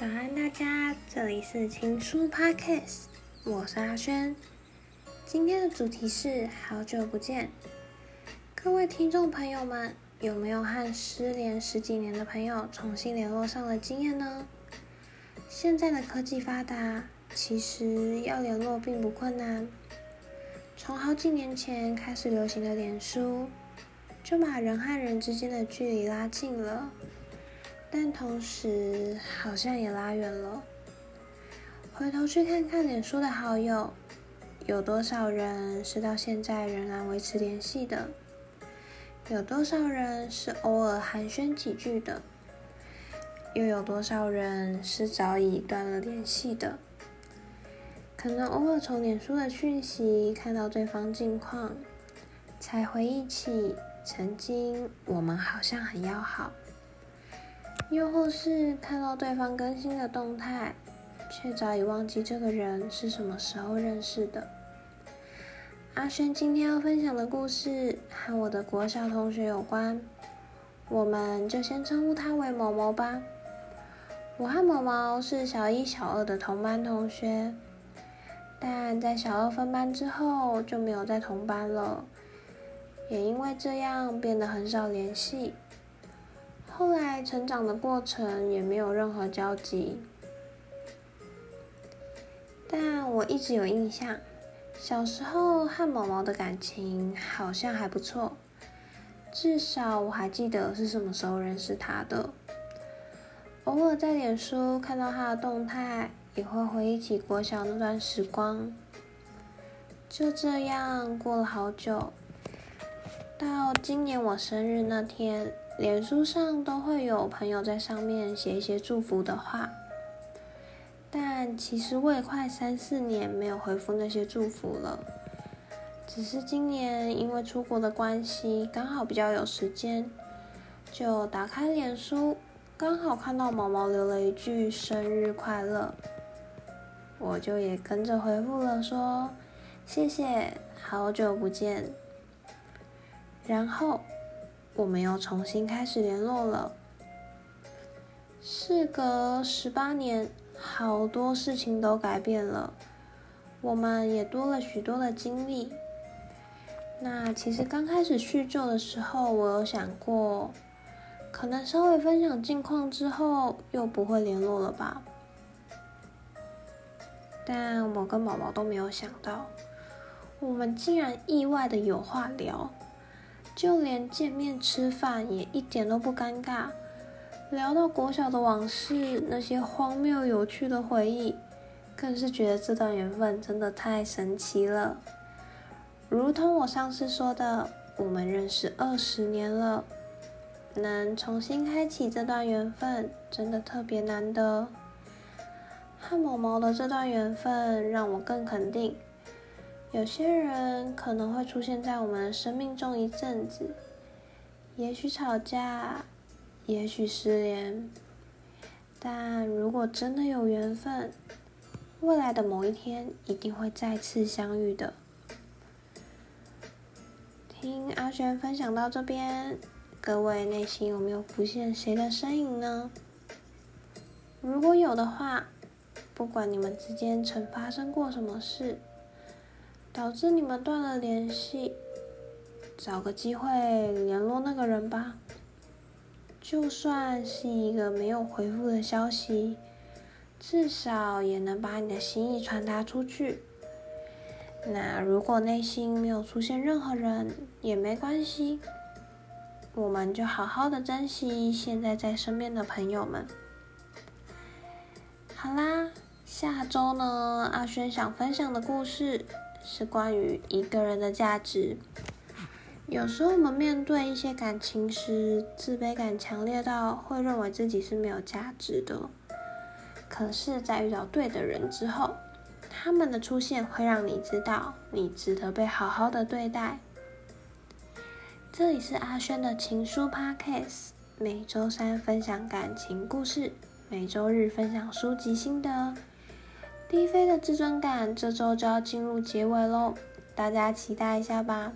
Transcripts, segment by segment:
早安，大家！這裡是情書 Podcast，我是阿軒。今天的主題是好久不見。各位聽眾朋友們，有沒有和失聯十幾年的朋友重新聯絡上的經驗呢？現在的科技發達，其實要聯絡並不困難。從好幾年前開始流行的臉書，就把人和人之間的距離拉近了。但同時，好像也拉遠了。回頭去看看臉書的好友，有多少人是到現在仍然維持聯繫的？有多少人是偶爾寒暄幾句的？又有多少人是早已斷了聯繫的？可能偶爾從臉書的訊息看到對方近況，才回憶起曾經我們好像很要好。又或是看到對方更新的動態，卻早已忘記這個人是什麼時候認識的。阿軒今天要分享的故事和我的國小同學有關，我們就先稱呼他為某某吧。我和某某是小一小二的同班同學，但在小二分班之後就沒有再同班了，也因為這樣變得很少聯繫。後來成長的過程也沒有任何交集，但我一直有印象，小時候和毛毛的感情好像還不錯，至少我還記得是什麼時候認識他的。偶爾在臉書看到他的動態，也會回憶起國小那段時光。就這樣過了好久，到今年我生日那天。臉書上都會有朋友在上面寫一些祝福的話，但其實我也快三四年沒有回復那些祝福了。只是今年因為出國的關係，剛好比較有時間，就打開臉書，剛好看到毛毛留了一句生日快樂，我就也跟着回復了說謝謝，好久不見。然後，我們又重新開始聯絡了。事隔十八年，好多事情都改變了，我們也多了許多的經歷。那其實剛開始敘舊的時候，我有想過，可能稍微分享近況之後，又不會聯絡了吧？但我跟寶寶都沒有想到，我們竟然意外的有話聊。就連見面吃飯也一點都不尷尬，聊到國小的往事，那些荒謬有趣的回憶，更是覺得這段緣分真的太神奇了。如同我上次說的，我們認識二十年了，能重新開啟這段緣分，真的特別難得。和某某的這段緣分，讓我更肯定。有些人可能會出現在我們的生命中一陣子，也許吵架，也許失聯，但如果真的有緣分，未來的某一天一定會再次相遇的。聽阿璇分享到這邊，各位內心有沒有浮現誰的身影呢？如果有的話，不管你們之間曾發生過什麼事。導致你們斷了聯繫，找個機會聯絡那個人吧。就算是一個沒有回復的消息，至少也能把你的心意傳達出去。那如果內心沒有出現任何人，也沒關係，我們就好好的珍惜現在在身邊的朋友們。好啦，下周呢，阿軒想分享的故事，是關於一個人的價值。有時候我們面對一些感情時，自卑感強烈到會認為自己是沒有價值的。可是，在遇到對的人之後，他們的出現會讓你知道你值得被好好的對待。這裡是阿軒的情書 Podcast，每周三分享感情故事，每周日分享書籍心得。低飛的自尊感，這週就要進入結尾嘍，大家期待一下吧。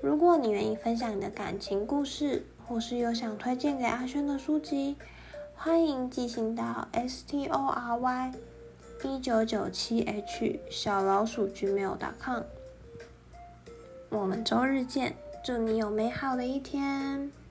如果你願意分享你的感情故事，或是有想推薦給阿軒的書籍，歡迎寄信到 s t o r y 一九九七 h 小老鼠 gmail dot com。我們周日見，祝你有美好的一天！